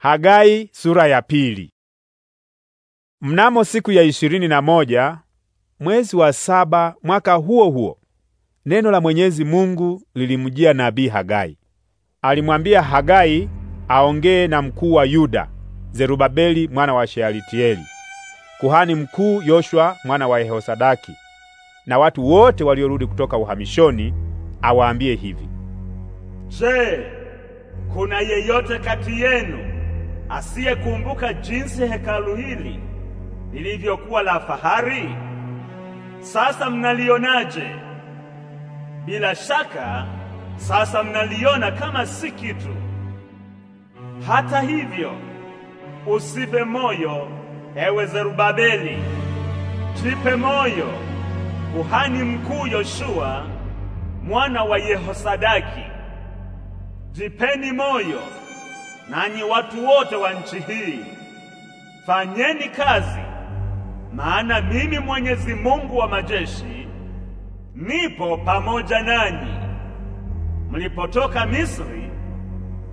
Hagai sura ya pili. Mnamo siku ya ishirini na moja mwezi wa saba mwaka huo huo, neno la Mwenyezi Mungu lilimjia nabii Hagai. Alimwambia Hagai aongee na mkuu wa Yuda Zerubabeli mwana wa Shealitieli, kuhani mkuu Yoshua mwana wa Yehosadaki na watu wote waliorudi kutoka uhamishoni, awaambie hivi: Je, kuna yeyote kati yenu asiyekumbuka jinsi hekalu hili lilivyokuwa la fahari? Sasa mnalionaje? Bila shaka sasa mnaliona kama si kitu. Hata hivyo, usife moyo, ewe Zerubabeli. Jipe moyo, kuhani mkuu Yoshua mwana wa Yehosadaki. Jipeni moyo nanyi watu wote wa nchi hii, fanyeni kazi, maana mimi Mwenyezi Mungu wa majeshi nipo pamoja nanyi. Mlipotoka Misri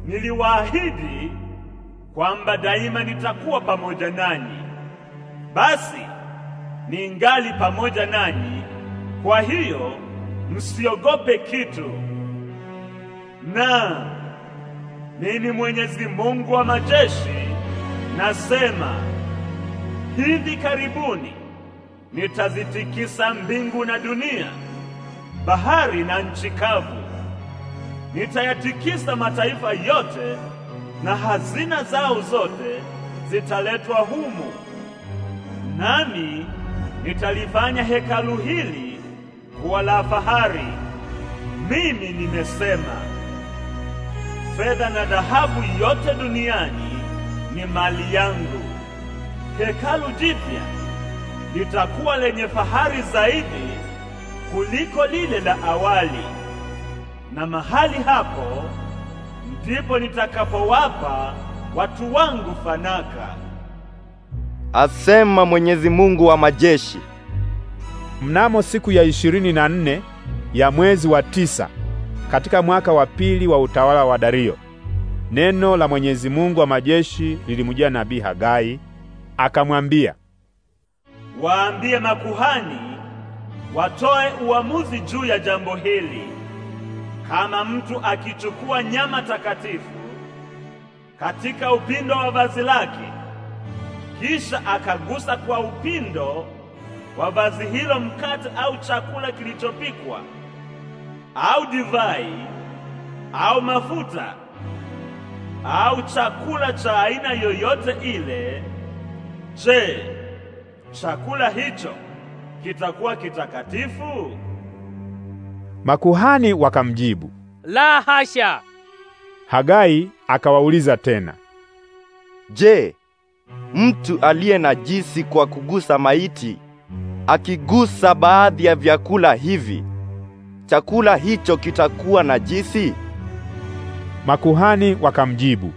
niliwaahidi kwamba daima nitakuwa pamoja nanyi, basi ningali pamoja nanyi. Kwa hiyo msiogope kitu na mimi Mwenyezi Mungu wa majeshi nasema, hivi karibuni nitazitikisa mbingu na dunia, bahari na nchi kavu. Nitayatikisa mataifa yote na hazina zao zote zitaletwa humu, nami nitalifanya hekalu hili kuwa la fahari. Mimi nimesema. Fedha na dhahabu yote duniani ni mali yangu. Hekalu jipya litakuwa lenye fahari zaidi kuliko lile la awali, na mahali hapo ndipo nitakapowapa watu wangu fanaka, asema Mwenyezi Mungu wa majeshi. Mnamo siku ya ishirini na nne ya mwezi wa tisa katika mwaka wa pili wa utawala wa Dario, neno la Mwenyezi Mungu wa majeshi lilimjia nabii Hagai akamwambia, waambie makuhani watoe uamuzi juu ya jambo hili. Kama mtu akichukua nyama takatifu katika upindo wa vazi lake, kisha akagusa kwa upindo wa vazi hilo mkate au chakula kilichopikwa au divai au mafuta au chakula cha aina yoyote ile, je, chakula hicho kitakuwa kitakatifu? Makuhani wakamjibu, la hasha. Hagai akawauliza tena, je, mtu aliye najisi kwa kugusa maiti akigusa baadhi ya vyakula hivi chakula hicho kitakuwa najisi? Makuhani wakamjibu,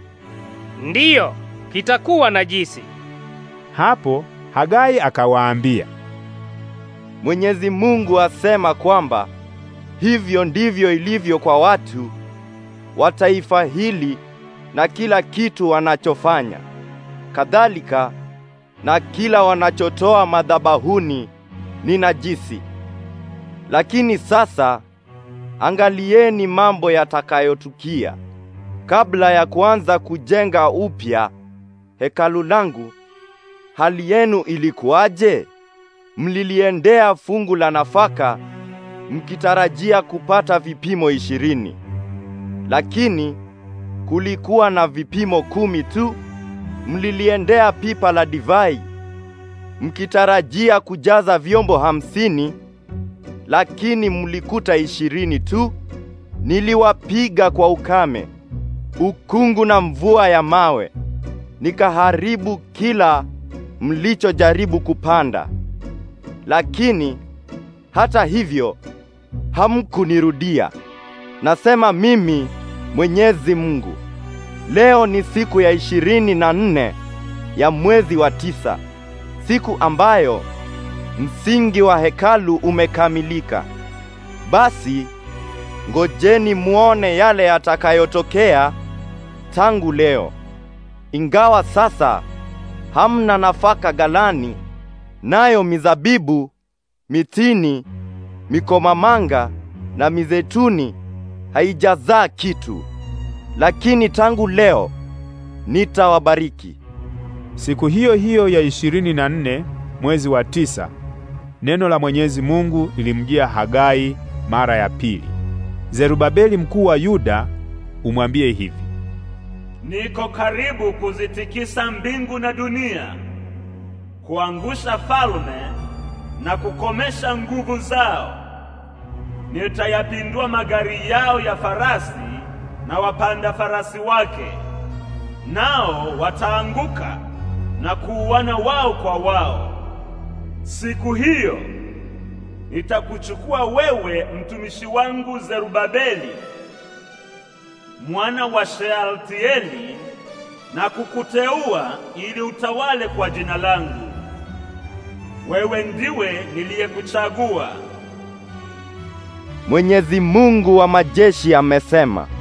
ndiyo, kitakuwa najisi. Hapo Hagai akawaambia, Mwenyezi Mungu asema kwamba hivyo ndivyo ilivyo kwa watu wa taifa hili na kila kitu wanachofanya, kadhalika na kila wanachotoa madhabahuni ni najisi. Lakini sasa angalieni mambo yatakayotukia kabla ya kuanza kujenga upya hekalu langu. Hali yenu ilikuwaje? Mliliendea fungu la nafaka mkitarajia kupata vipimo ishirini, lakini kulikuwa na vipimo kumi tu. Mliliendea pipa la divai mkitarajia kujaza vyombo hamsini lakini mlikuta ishirini tu. Niliwapiga kwa ukame, ukungu na mvua ya mawe, nikaharibu kila mlichojaribu kupanda. Lakini hata hivyo hamkunirudia. Nasema mimi Mwenyezi Mungu. Leo ni siku ya ishirini na nne ya mwezi wa tisa, siku ambayo msingi wa hekalu umekamilika. Basi ngojeni muone yale yatakayotokea tangu leo. Ingawa sasa hamna nafaka galani nayo mizabibu mitini, mikomamanga na mizeituni haijazaa kitu, lakini tangu leo nitawabariki. Siku hiyo hiyo ya ishirini na nne mwezi wa tisa Neno la Mwenyezi Mungu lilimjia Hagai mara ya pili. Zerubabeli mkuu wa Yuda, umwambie hivi: Niko karibu kuzitikisa mbingu na dunia, kuangusha falme na kukomesha nguvu zao. Nitayapindua magari yao ya farasi na wapanda farasi wake, nao wataanguka na kuuana wao kwa wao. Siku hiyo nitakuchukua wewe mtumishi wangu Zerubabeli mwana wa Shealtieli na kukuteua ili utawale kwa jina langu. Wewe ndiwe niliyekuchagua. Mwenyezi Mungu wa majeshi amesema.